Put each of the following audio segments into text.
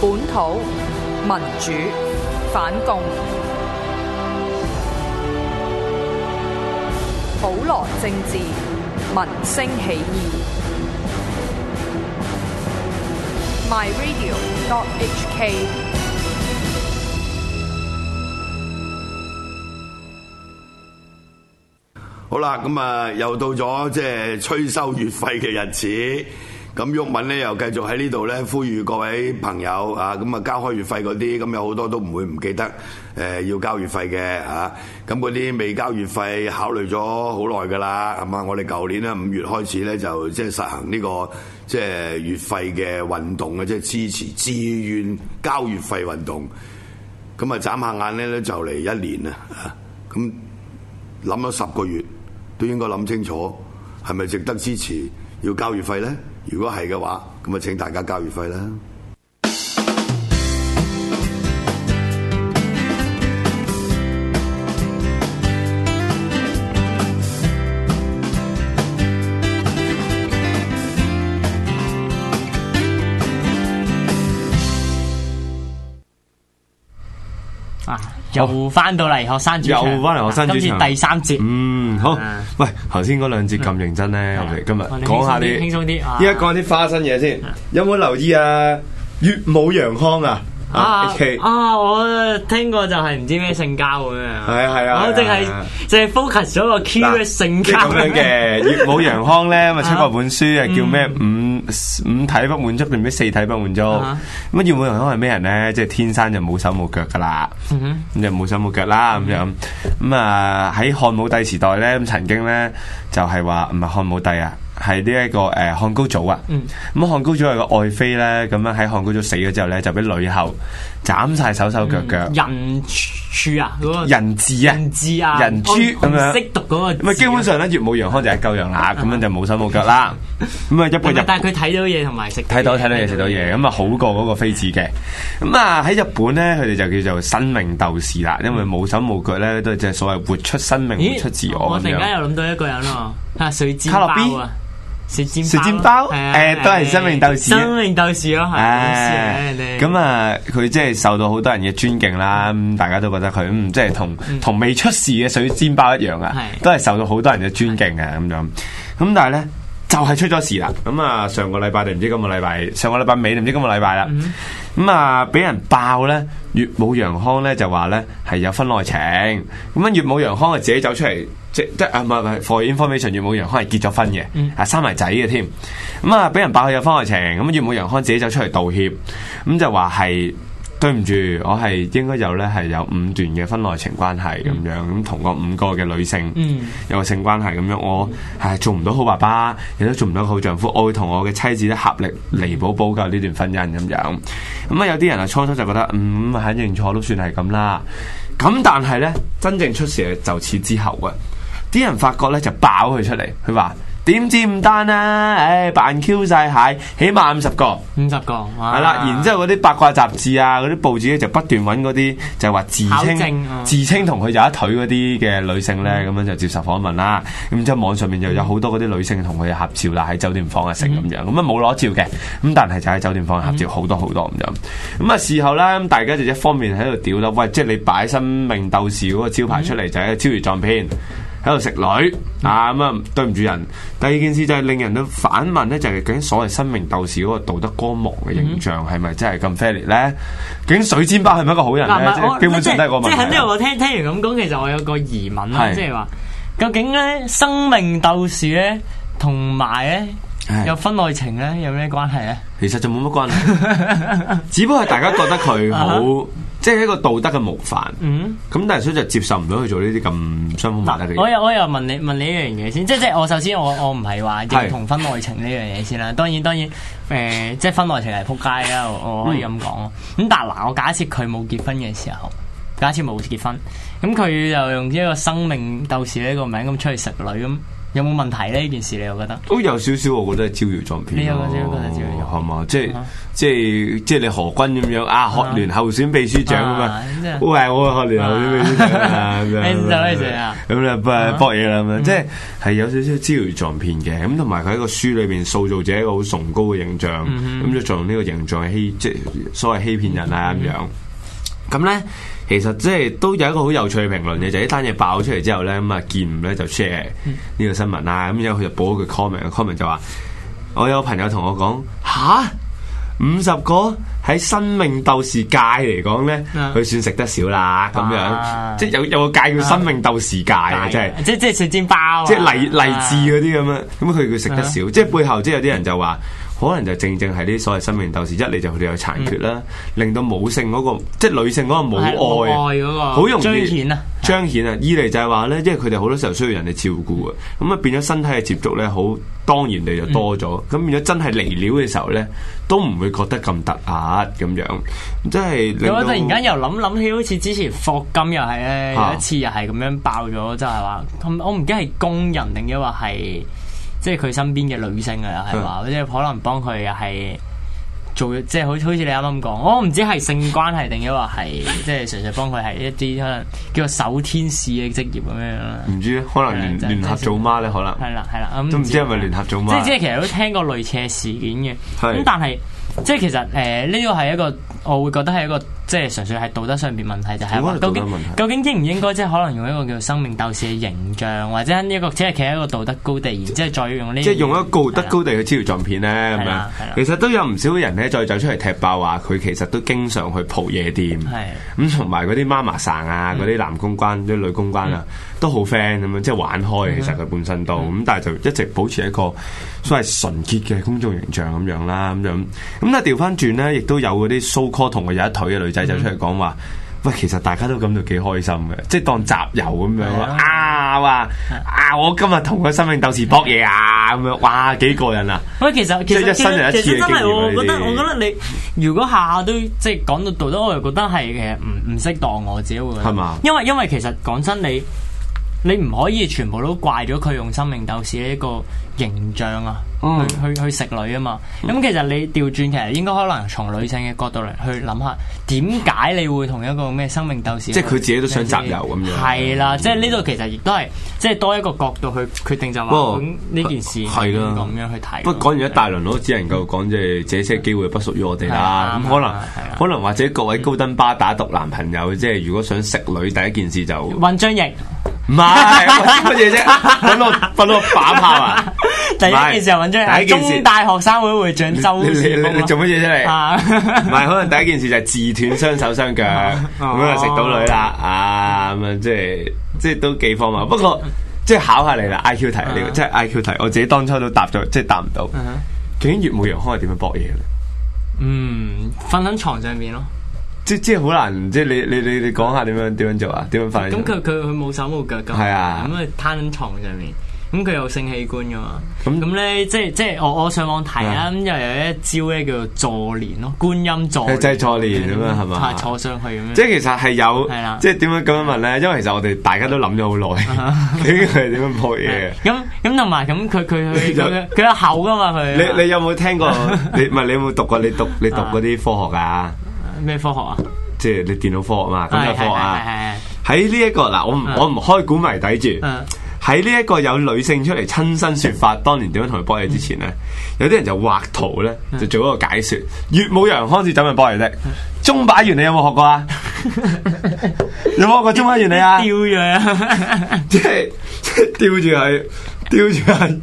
本土民主反共，普羅政治，民聲起義。My Radio. dot H K。 好啦，咁啊，又到咗即係催收月費嘅日子。咁毓民咧又繼續喺呢度咧，呼籲各位朋友啊，咁啊交開月費嗰啲，咁有好多都唔會唔記得，誒要交月費嘅嚇。咁嗰啲未交月費，考慮咗好耐噶啦。咁啊，我哋舊年咧五月開始咧，就即係實行呢個即係月費嘅運動啊，即係支持自願交月費運動。咁啊，眨下眼咧咧就嚟一年啊。咁諗咗十個月，都應該諗清楚，係咪值得支持要交月費咧？如果係嘅話，咁咪請大家交月費啦。又翻到嚟學生主場，又翻嚟學生主場，啊、今次第三節。嗯，好，啊、喂，頭先嗰兩節咁認真咧，我哋今日講下啲，輕鬆啲，依家講啲花生嘢先。啊、有冇留意啊？乙武洋匡啊？啊 Okay. 啊！我聽過就係唔知咩性交咁樣。係啊係啊，我淨係淨係 focus 咗個 Q 嘅性交。咁樣嘅。乙武洋匡咧咪出過本書，係、啊嗯、叫咩五五體不滿足定唔知四體不滿足？咁啊，乙武洋匡係咩人咧？即、就、係、是、天生就冇手冇腳噶啦。咁就冇手冇腳啦。咁樣咁啊！喺漢武帝時代咧，咁曾經咧就係話唔係漢武帝啊。係呢一個誒漢高祖啊，咁漢高祖係個愛妃咧，咁樣喺漢高祖死咗之後咧，就俾呂后斬晒手手腳腳人柱啊，人質啊，人質啊，人柱咁樣識讀嗰個咪基本上咧，乙武洋匡就係救楊雅咁樣就冇手冇腳啦，咁啊一般但係佢睇到嘢同埋食睇到睇到嘢食到嘢，咁啊好過嗰個妃子嘅，咁啊喺日本咧，佢哋就叫做生命鬥士啦，因為冇手冇腳咧，都係即係所謂活出生命，活出自我，我突然間又諗到一個人咯，水之寶啊！食煎包，誒，都係生命鬥士，生命鬥士咯，係。咁啊，佢即係受到好多人嘅尊敬啦，大家都覺得佢，嗯，即係同同未出事嘅水煎包一樣啊，都係受到好多人嘅尊敬啊。咁樣，咁但係咧。就係出咗事啦，咁啊上個禮拜定唔知今個禮拜，上個禮拜尾定唔知今個禮拜啦，咁啊俾人爆呢，乙武洋匡呢就話呢係有婚外情，咁啊乙武洋匡係自己走出嚟，即即啊唔係唔係 for information 乙武洋匡係結咗婚嘅，啊、mm. 生埋仔嘅添，咁啊俾人爆佢有婚外情，咁乙武洋匡自己走出嚟道歉，咁、嗯、就話係。對唔住，我係應該有咧，係有五段嘅婚內情關係咁樣，咁同個五個嘅女性有個性關係咁樣，我唉做唔到好爸爸，亦都做唔到好丈夫，我會同我嘅妻子咧合力彌補補救呢段婚姻咁樣。咁啊，有啲人啊，初初就覺得嗯肯認錯都算係咁啦。咁但係呢，真正出事就此之後嘅啲人發覺呢，就爆佢出嚟，佢話。點知唔單啦、啊？唉、哎，扮 Q 晒蟹，起碼五十個，五十個，係啦。然之後嗰啲八卦雜誌啊，嗰啲報紙咧，就不斷揾嗰啲就係話自稱、啊、自稱同佢有一腿嗰啲嘅女性咧，咁、嗯、樣就接受訪問啦。咁之後網上面又有好多嗰啲女性同佢合照啦，喺酒店房啊成咁樣。咁啊冇攞照嘅，咁但係就喺酒店房合照好、嗯、多好多咁樣。咁啊事後咧，大家就一方面喺度屌咯，喂，即係你擺生命鬥士嗰個招牌出嚟，就係、嗯、一個超越撞片。喺度食女啊咁啊，對唔住人。第二件事就係令人都反問咧，就係究竟所謂生命鬥士嗰個道德光芒嘅形象係咪真係咁 fair 咧？究竟水煎包係咪一個好人咧？基本上都係個問題。即係肯定我聽聽完咁講，其實我有個疑問啦，即係話究竟咧生命鬥士咧同埋咧有婚外情咧有咩關係咧？其實就冇乜關係，只不過係大家覺得佢好。即係一個道德嘅模範，咁、mm hmm。但係，所以就接受唔到去做呢啲咁雙峰模特。我又我又問你問你呢樣嘢先，即係即係我首先我我唔係話認同婚外情呢樣嘢先啦。當然當然，誒、呃、即係婚外情係扑街啦，我可以咁講，咁但係嗱，我假設佢冇結婚嘅時候，假設冇結婚，咁佢又用一個生命鬥士呢個名咁出去食女咁。有冇問題咧？呢件事你又覺得都有少少，我覺得係招搖撞騙。你有少少覺得招搖，係嘛？即係即係即係你何君咁樣啊？學聯候選秘書長啊嘛？喂，我學聯候選人秘書長啊？你咁得你食啊？咁就搏嘢啦嘛？即係係有少少招搖撞騙嘅。咁同埋佢喺個書裏邊塑造咗一個好崇高嘅形象，咁就用呢個形象欺即係所謂欺騙人啊咁樣。咁咧，其實即係都有一個好有趣嘅評論嘅，就係、是、一單嘢爆出嚟之後咧，咁啊見唔咧就 share 呢個新聞啦，咁之後佢就補咗句 comment，comment、嗯、就話：我有朋友同我講，吓，五十個喺生命鬥士界嚟講咧，佢算食得少啦，咁、啊、樣即係有有個界叫生命鬥士界嘅，啊就是、即係即即係食煎包，即係勵勵志嗰啲咁啊，咁佢佢食得少，啊、即係背後即係有啲人就話。可能就正正係啲所謂生命鬥士，一嚟就佢哋有殘缺啦，嗯、令到母性嗰、嗰個，即係女性嗰個母愛嗰、嗰個，好容易彰顯啊。彰顯啊，二嚟是的 就係話咧，因為佢哋好多時候需要人哋照顧啊。咁啊、嗯、變咗身體嘅接觸咧，好當然你就多咗。咁、嗯、變咗真係屙尿嘅時候咧，都唔會覺得咁突兀咁樣，即係我突然間又諗諗起，好似之前霍金又係咧，啊、有一次又係咁樣爆咗，就係、是、話，我唔記得係工人定抑或係。即係佢身邊嘅女性啊，係嘛， 即係可能幫佢又係做，即係好好似你啱啱咁講，我、哦、唔知係性關係定抑或係即係純粹幫佢係一啲可能叫做守天使嘅職業咁樣樣啦。唔知， 可能聯合祖媽咧，可能係啦係啦咁，都唔是、 嗯、知係咪聯合祖媽。即係其實我都聽過類似嘅事件嘅，咁 但係即係其實誒呢個係一個我會覺得係一個。即係純粹係道德上邊問題，就係話究竟究竟應唔應該即係可能用一個叫生命鬥士嘅形象，或者呢一個只係企喺一個道德高地，然之後再用呢，即係用一個道德高地去招搖撞騙咧，咁樣。其實都有唔少嘅人咧，再走出嚟踢爆話佢其實都經常去蒲夜店。咁同埋嗰啲媽媽桑啊，嗰啲男公關、啲女公關啊，都好 friend 咁樣，即係玩開。其實佢本身都咁，但係就一直保持一個所謂純潔嘅公眾形象咁樣啦，咁樣咁。但係調翻轉咧，亦都有嗰啲 so call 同佢有一腿嘅女仔。就出嚟講話，喂、 嗯， 其實大家都感到幾開心嘅，即係當集郵咁樣啊，話啊，我今日同佢生命鬥士搏嘢啊，咁樣，哇，幾過癮啊！喂，其實其實其實真係們，我覺得我覺得你如果下下都即係講到道德，我又覺得係其實唔唔適當我自己會，係嘛吧？因為因為其實講真你。你唔可以全部都怪咗佢用生命鬥士呢一個形象啊，去去去食女啊嘛！咁其實你調轉，其實應該可能從女性嘅角度嚟去諗下，點解你會同一個咩生命鬥士？即係佢自己都想集郵咁樣。係啦，即係呢度其實亦都係，即係多一個角度去決定就話咁呢件事係啦，咁樣去睇。不過講完一大輪，我都只能夠講即係這些機會不屬於我哋啦。咁可能可能或者各位高登巴打毒男朋友，即係如果想食女，第一件事就揾張翼。唔係乜嘢啫，搵到搵到把炮啊！ 第一件事就搵咗人， 次中大學生會會長周氏、啊。做乜嘢出嚟？唔係、啊、 可能第一件事就自斷雙手雙腳，咁就食到女啦啊，咁啊，即係即係都幾荒謬。不過，即係考下你啦，I Q 題呢個即係 I Q 題，我自己當初都答咗，即係答唔到。究竟乙武洋匡係點樣搏嘢咧？嗯，瞓喺床上面咯。即即係好難，即係你你你你講下點樣點樣做啊？點樣發現？咁佢佢佢冇手冇腳噶，係啊，咁啊攤喺床上面，咁佢有性器官噶嘛？咁咁咧，即係即係我我上網睇啦，咁又有一招咧叫做坐蓮咯，觀音坐，即係坐蓮咁樣係嘛？係坐上去咁樣。即係其實係有，即係點樣咁樣問咧？因為其實我哋大家都諗咗好耐，究竟係點樣破嘢？咁咁同埋咁，佢佢佢佢有口噶嘛？佢你你有冇聽過？你唔係你有冇讀過？你讀你讀嗰啲科學啊？咩科學啊？即係你電腦科學嘛？咁就科學啊！喺呢一個嗱，我唔我唔開估謎底住。喺呢一個有女性出嚟親身說法，當年點樣同佢搏嘢之前咧，有啲人就畫圖咧，就做一個解說。乙武洋匡始點樣搏嚟的？鐘擺原理有冇學過， 有有學過啊？有冇學過鐘擺原理啊？吊住啊！即係吊住佢，吊住係，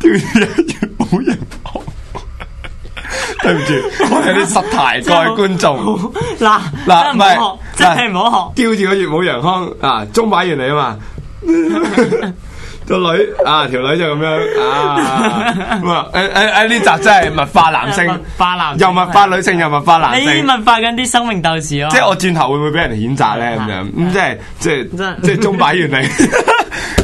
吊住係，冇人。對唔住，我有啲失態，各位觀眾。嗱嗱唔係，真係唔好學。屌住個乙武洋匡啊，鐘擺完你啊嘛，個女啊條女就咁樣啊。誒誒誒，呢、啊啊啊、集真係物化男性，化男又物化女性又物化男性，你物化緊啲生命鬥士哦。即係我轉頭會唔會俾人哋譴責咧咁樣？咁即係即係即係鐘擺完你。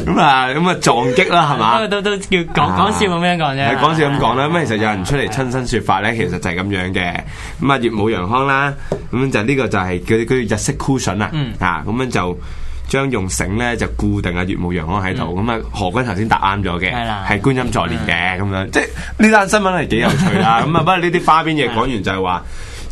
咁啊，咁啊，撞擊啦，係嘛？都都叫講講笑咁樣講啫。係講笑咁講啦，咁其實有人出嚟親身説法咧，其實就係咁樣嘅。咁啊，乙武洋匡啦，咁就呢個就係佢佢日式 cushion 啊，嚇咁樣就將用繩咧就固定啊乙武洋匡喺度，咁啊何君頭先答啱咗嘅，係觀音坐蓮嘅咁樣，即係呢單新聞係幾有趣啦。咁啊，不過呢啲花邊嘢講完就係話。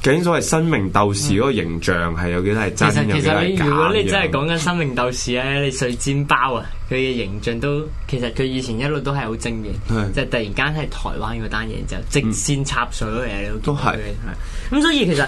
究竟所謂生命鬥士嗰個形象係、嗯、有幾多係真其，其實你的如果你真係講緊生命鬥士咧， 你水煎包啊，佢嘅形象都，其實佢以前一路都係好正嘅，即是就突然間係台灣嗰單嘢就直線插水嗰樣嘢，嗯、都係係。咁是所以其實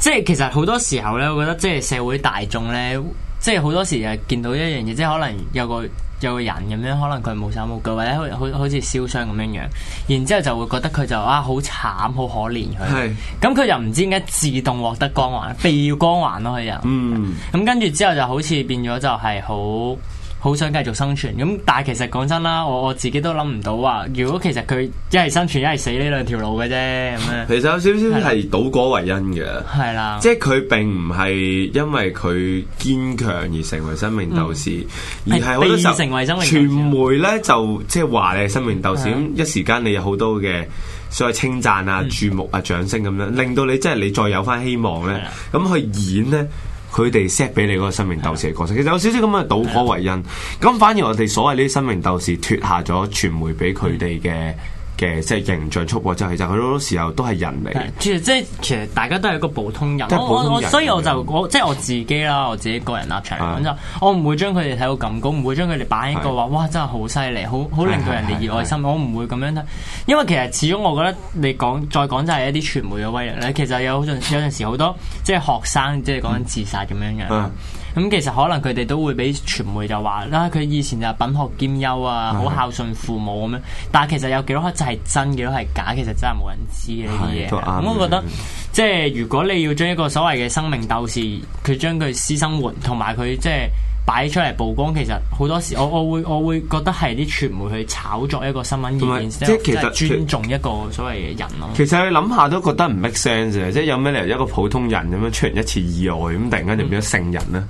即係其實好多時候咧，我覺得即係社會大眾咧。即係好多時誒，見到一樣嘢，即係可能有個有個人咁樣，可能佢冇手冇腳，或者好好似燒傷咁樣樣，然之後就會覺得佢就啊，好慘好可憐佢，咁佢又唔知點解自動獲得光環，被光環咯佢又，嗯咁跟住之後就好似變咗就係好。好想繼續生存，咁但係其實講真啦，我我自己都諗唔到啊！如果其實佢一係生存，一係死呢兩條路嘅啫咁啊。其實有少少係倒果為因嘅，係啦的，即係佢並唔係因為佢堅強而成為生命鬥士，嗯、而係好多時成為生命傳媒咧，就即係話你係生命鬥士，咁的一時間你有好多嘅所謂稱讚啊、嗯、注目啊、掌聲咁樣，令到你即係你再有翻希望咧，咁的去演咧。佢哋 set 俾你嗰個生命鬥士嘅角色，其實有少少咁嘅倒果為因。咁反而我哋所謂呢啲生命鬥士脫下咗傳媒俾佢哋嘅。嗯嘅即係形象塑造，就係就佢好多時候都係人嚟。其實即係其實大家都係一個普通人。通人，所以我就我即係我自己啦，我自己個人立場咁就，啊、我唔會將佢哋睇到咁高，唔會將佢哋擺一個話是哇真係好犀利，好好令到人哋熱愛心。我唔會咁樣睇，因為其實始終我覺得你講再講就係一啲傳媒嘅威力咧。其實有陣有陣時好多即係學生即係講緊自殺咁樣嘅。嗯啊咁其實可能佢哋都會俾傳媒就話啦，佢、啊、以前就品學兼優啊，好的孝順父母咁樣。但係其實有幾多刻就係真嘅，幾多係假，其實真係冇人知嘅呢啲嘢。咁的我覺得，即係如果你要將一個所謂嘅生命鬥士，佢將佢私生活同埋佢即係。擺出嚟曝光，其實好多時，我我會我會覺得係啲傳媒去炒作一個新聞事件先，即係尊重一個所謂嘅人咯。其實你諗下都覺得唔 make sense，即係有咩理由一個普通人咁樣出現一次意外，咁突然間就變咗聖人呢？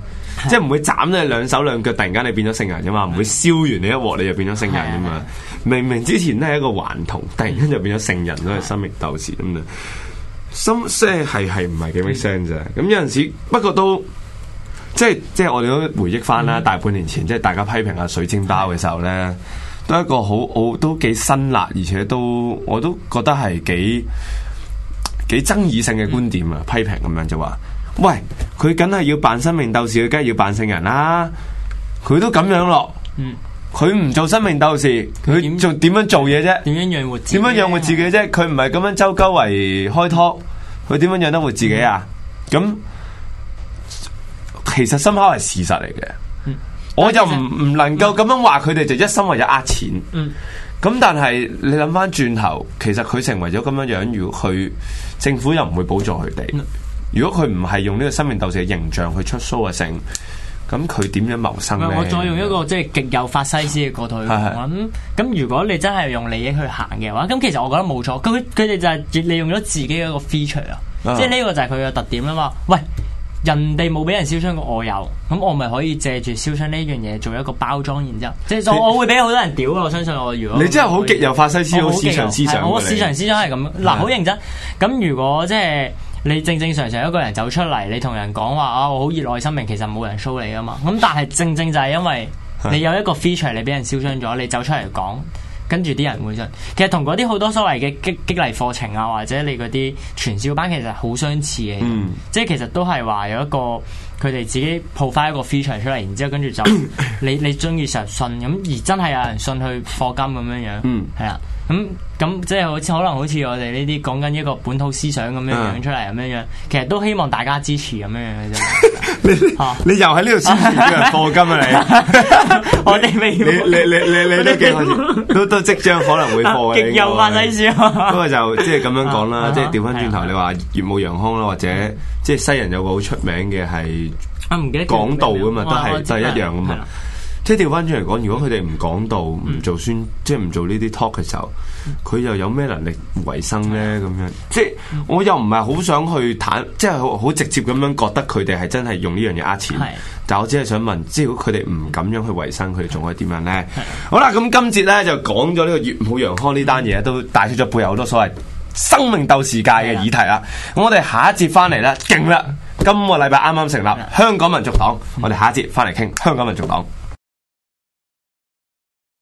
即係唔會斬你兩手兩腳，突然間你變咗聖人嘅嘛？唔是的 會燒完你一鑊，你就變咗聖人嘅嘛？是的 明明之前都係一個頑童，突然間就變咗聖人，都係生命鬥士咁樣！心聲係係唔係幾 make sense 啫？咁有陣時不過都。即係即係我哋都回憶翻啦，大半年前即係大家批評阿水晶包嘅時候咧，都一個好，我都幾辛辣，而且都我都覺得係幾幾爭議性嘅觀點啊！批評咁樣就話，喂，佢梗係要扮生命鬥士，佢梗係要扮聖人啦，佢都咁樣咯，嗯，佢唔做生命鬥士，佢點做點樣做嘢啫？點樣養活點樣養活自己啫？佢唔係咁樣周鳩圍開拖，佢點樣養得活自己啊？咁、嗯。嗯其實深刻係事實嚟嘅，嗯、我就唔唔能夠咁樣話佢哋就一心為咗呃錢。咁、嗯、但係你諗翻轉頭，其實佢成為咗咁樣樣，如果去政府又唔會補助佢哋。嗯、如果佢唔係用呢個生命鬥士嘅形象去出 show 嘅性，咁佢點樣謀生？我再用一個即係極有法西斯嘅角度去諗，咁如果你真係用利益去行嘅話，咁其實我覺得冇錯。佢佢哋就係利用咗自己一個 feature 啊，即係呢個就係佢嘅特點啊嘛。喂！人哋冇俾人燒傷過，我有，咁我咪可以借住燒傷呢樣嘢做一個包裝，然之後即係我我會俾好多人屌啊，我相信我如果你真係好極右法西斯，斯，好市場思想他、啊，我市場思想係咁嗱，好是、啊、認真。咁如果即係、就是、你正正常常一個人走出嚟，你同人講話啊，我好熱愛生命，其實冇人 show 你噶嘛。咁但係正正就係因為你有一個 feature，你俾人燒傷咗，你走出嚟講。跟住啲人會信，其實同嗰啲好多所謂嘅激激勵課程啊，或者你嗰啲傳銷班，其實好相似嘅，嗯、即係其實都係話有一個佢哋自己 provide 一個 feature 出嚟，然之後跟住就、嗯、你你中意就信，咁而真係有人信去課金咁樣樣，係啊、嗯。咁咁即係好似可能好似我哋呢啲講緊一個本土思想咁樣樣出嚟咁樣樣，其實都希望大家支持咁樣樣嘅啫。你又喺呢度宣傳課金啊你？我哋未。你你你你都幾 都都即將可能會課嘅。極右派思想。 不過就即係咁樣講啦，即係調翻轉頭，你話乙武洋匡啦，或者即係西人有個好出名嘅係啊，唔記得港道噶嘛，都係都係一樣噶嘛。即係調翻轉嚟講，如果佢哋唔講到，唔做宣，即係唔做呢啲 talk 嘅時候，佢又有咩能力維生呢？咁樣，即係我又唔係好想去坦，即係好好直接咁樣覺得佢哋係真係用呢樣嘢呃錢。的但我只係想問，如果佢哋唔咁樣去維生，佢哋仲可以點樣呢？的好啦，咁今節呢，就講咗呢個乙武洋匡呢單嘢，都帶出咗背後好多所謂生命鬥世界嘅議題啦。咁的我哋下一節翻嚟啦，勁啦！今個禮拜啱啱成立的香港民族黨，我哋下一節翻嚟傾香港民族黨。